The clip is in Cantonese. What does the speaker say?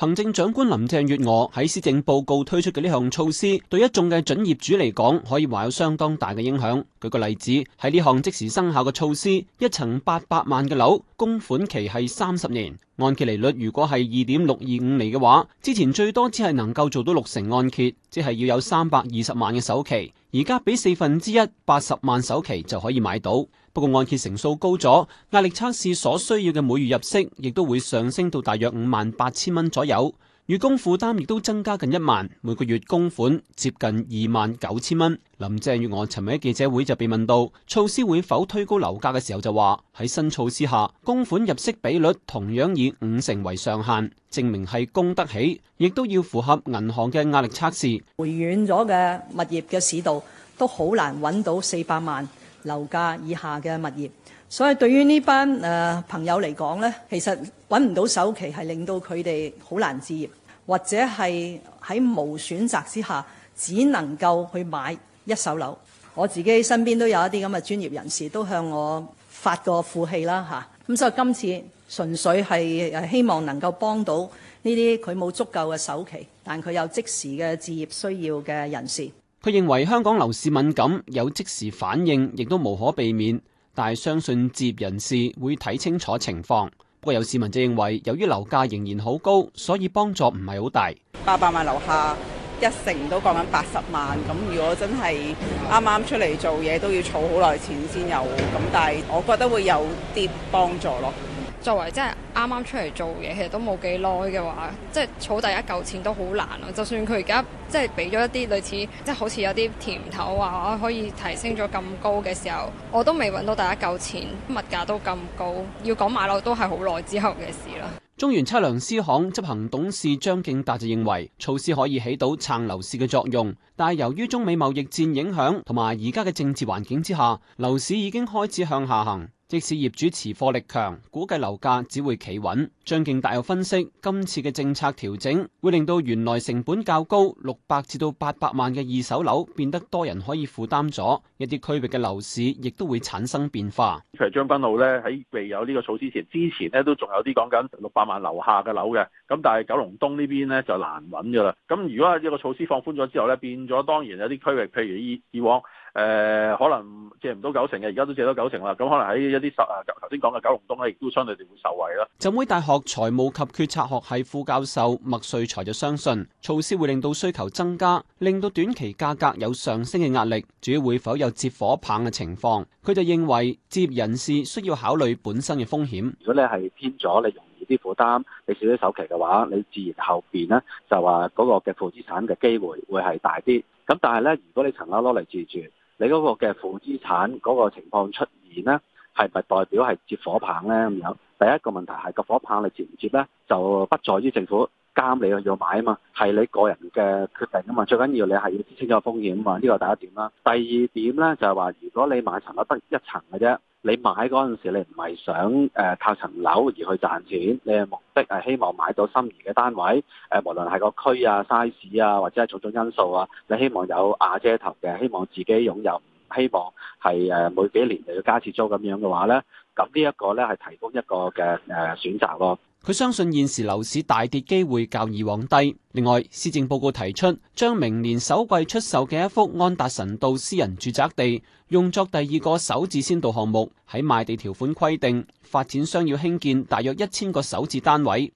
行政長官林鄭月娥喺施政報告推出嘅呢項措施，對一眾嘅準業主嚟講，可以話有相當大嘅影響。舉個例子，喺呢項即時生效嘅措施，一層八百萬嘅樓，供款期係三十年，按揭利率如果係二點六二五厘嘅話，之前最多只係能夠做到六成按揭，即係要有三百二十萬嘅首期。而家俾四分之一八十萬首期就可以買到，不過按揭成數高咗，壓力測試所需要嘅每月入息亦都會上升到大約五萬八千蚊左右。月供負擔亦都增加近一萬，每個月供款接近二萬九千蚊。林鄭月娥尋日喺記者會就被問到措施會否推高樓價嘅時候就，就話喺新措施下，供款入息比率同樣以五成為上限，證明係供得起，亦都要符合銀行嘅壓力測試。回軟咗嘅物業嘅市道都好難揾到四百萬樓價以下嘅物業。所以，對於呢班誒、呃、朋友嚟講呢，其實揾唔到首期係令到佢哋好難置業，或者係喺無選擇之下只能夠去買一手樓。我自己身邊都有一啲咁嘅專業人士都向我發過負氣啦吓，咁、啊嗯、所以今次純粹係誒，希望能夠幫到呢啲佢冇足夠嘅首期，但佢有即時嘅置業需要嘅人士。佢認為香港樓市敏感，有即時反應，亦都無可避免。但係相信置業人士會睇清楚情況。不過有市民就認為，由於樓價仍然好高，所以幫助唔係好大。八百萬樓下一成都降緊八十萬，咁如果真係啱啱出嚟做嘢，都要儲好耐錢先有。咁但係我覺得會有啲幫助咯。作為即係啱啱出嚟做嘢，其實都冇幾耐嘅話，即係儲第一嚿錢都好難咯。就算佢而家即係俾咗一啲類似，即係好似有啲甜頭話，可以提升咗咁高嘅時候，我都未揾到第一嚿錢。物價都咁高，要講買樓都係好耐之後嘅事咯。中原測量師行執行董事張敬達就認為，措施可以起到撐樓市嘅作用，但係由於中美貿易戰影響同埋而家嘅政治環境之下，樓市已經開始向下行。即使業主持貨力強，估計樓價只會企穩。張勁大又分析，今次嘅政策調整會令到原來成本較高六百至到八百萬嘅二手樓變得多人可以負擔咗，一啲區域嘅樓市亦都會產生變化。譬如將軍澳咧，喺未有呢個措施前，之前咧都仲有啲講緊六百萬樓下嘅樓嘅，咁但係九龍東邊呢邊咧就難揾噶啦。咁如果係一個措施放寬咗之後咧，變咗當然有啲區域，譬如以以往誒、呃、可能。借唔到九成嘅，而家都借到九成啦。咁可能喺一啲十啊，頭先講嘅九龍東咧，亦都相對地會受惠啦。浸會大學財務及決策學系副教授麥瑞才就相信，措施會令到需求增加，令到短期價格有上升嘅壓力。至於會否有接火棒嘅情況，佢就認為置業人士需要考慮本身嘅風險。如果你係偏咗，你容易啲負擔，你少少首期嘅話，你自然後邊呢就話嗰個嘅負資產嘅機會會係大啲。咁但係咧，如果你層樓攞嚟自住，你嗰個嘅負資產嗰個情況出現呢，係咪代表係接火棒呢？咁樣？第一個問題係個火棒你接唔接呢？就不在於政府監你去唔去買啊嘛，係你個人嘅決定啊嘛。最緊要是你係要知清楚風險啊嘛，呢個第一點啦。第二點呢，就係、是、話，如果你買層樓得一層嘅啫。你買嗰陣時，你唔係想誒靠、呃、層樓而去賺錢，你嘅目的係希望買到心儀嘅單位。誒、呃，無論係個區啊、size 啊，或者係種種因素啊，你希望有瓦遮頭嘅，希望自己擁有，唔希望係誒、呃、每幾年就要加次租咁樣嘅話咧，咁呢一個咧係提供一個嘅誒、呃、選擇咯。佢相信現時樓市大跌機會較以往低。另外，施政報告提出將明年首季出售嘅一幅安達臣道私人住宅地用作第二個首置先導項目，喺賣地條款規定，發展商要興建大約一千個首置單位。